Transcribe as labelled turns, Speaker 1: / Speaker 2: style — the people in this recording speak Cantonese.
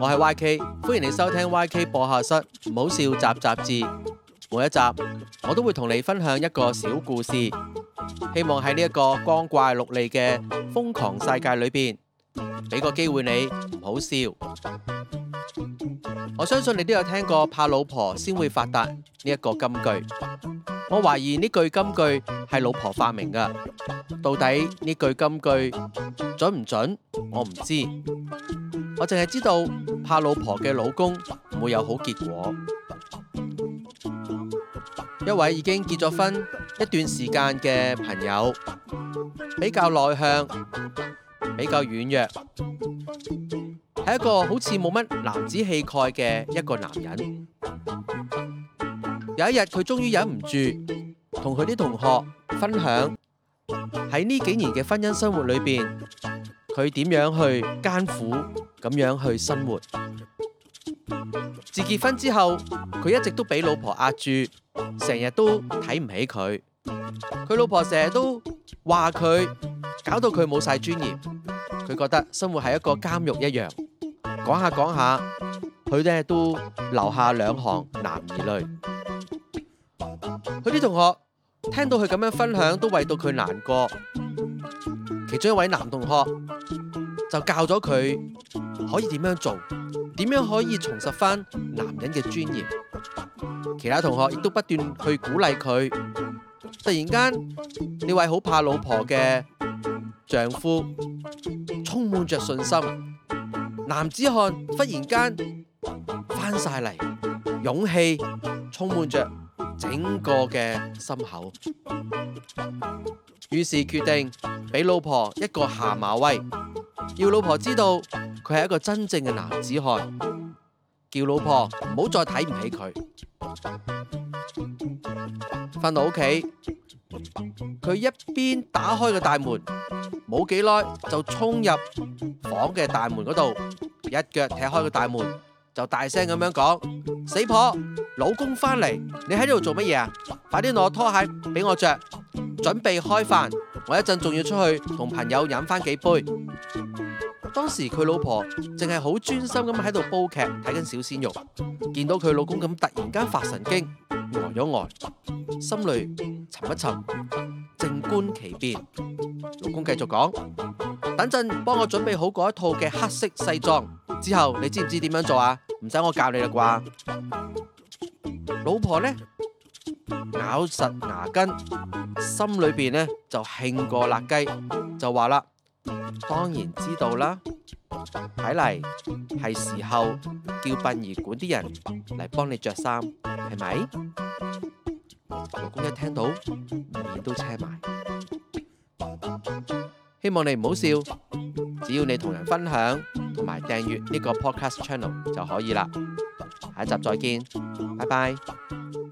Speaker 1: 我係 YK，歡迎你收聽 YK 播客室，唔好笑雜雜誌。每一集我都會同你分享一個小故事，希望喺呢一個光怪陸離嘅瘋狂世界裏邊，俾個機會你唔好笑。我相信你都有聽過怕老婆先會發達呢一個金句。我懷疑呢句金句係老婆發明噶，到底呢句金句準唔準？我唔知道。我淨係知道怕老婆嘅老公唔會有好結果。一位已經結咗婚一段時間嘅朋友，比較內向，比較軟弱，係一個好似冇乜男子氣概嘅一個男人。有一日佢終於忍唔住，同佢啲同學分享喺呢幾年嘅婚姻生活裏邊，佢點樣去艱苦。咁樣去生活。自結婚之後，佢一直都俾老婆壓住，成日都睇唔起佢。佢老婆成日都話佢，搞到佢冇晒尊嚴。佢覺得生活係一個監獄一樣。講下講下，佢咧都留下兩行男兒淚。佢啲同學聽到佢咁樣分享，都為到佢難過。其中一位男同學就教咗佢。可以點樣做？點樣可以重拾翻男人嘅尊嚴？其他同學亦都不斷去鼓勵佢。突然間，呢位好怕老婆嘅丈夫充滿着信心，男子漢忽然間翻晒嚟，勇氣充滿着整個嘅心口。於是決定俾老婆一個下馬威，要老婆知道。佢係一個真正嘅男子漢，叫老婆唔好再睇唔起佢。翻到屋企，佢一邊打開個大門，冇幾耐就衝入房嘅大門嗰度，一腳踢開個大門，就大聲咁樣講：死婆，老公翻嚟，你喺呢度做乜嘢啊？快啲攞拖鞋俾我着，準備開飯，我一陣仲要出去同朋友飲翻幾杯。當時佢老婆淨係好專心咁喺度煲劇睇緊小鮮肉，見到佢老公咁突然間發神經呆咗呆，心裏沉一沉，靜觀其變。老公繼續講：等陣幫我準備好嗰一套嘅黑色西裝，之後你知唔知點樣做啊？唔使我教你啦啩。老婆呢咬實牙根，心裏邊呢就慶過辣雞，就話啦。當然知道啦，睇嚟係時候叫殯儀館啲人嚟幫你着衫，係咪？老公一聽到面都車埋，希望你唔好笑，只要你同人分享同埋訂閱呢個 Podcast Channel 就可以啦。下一集再見，拜拜。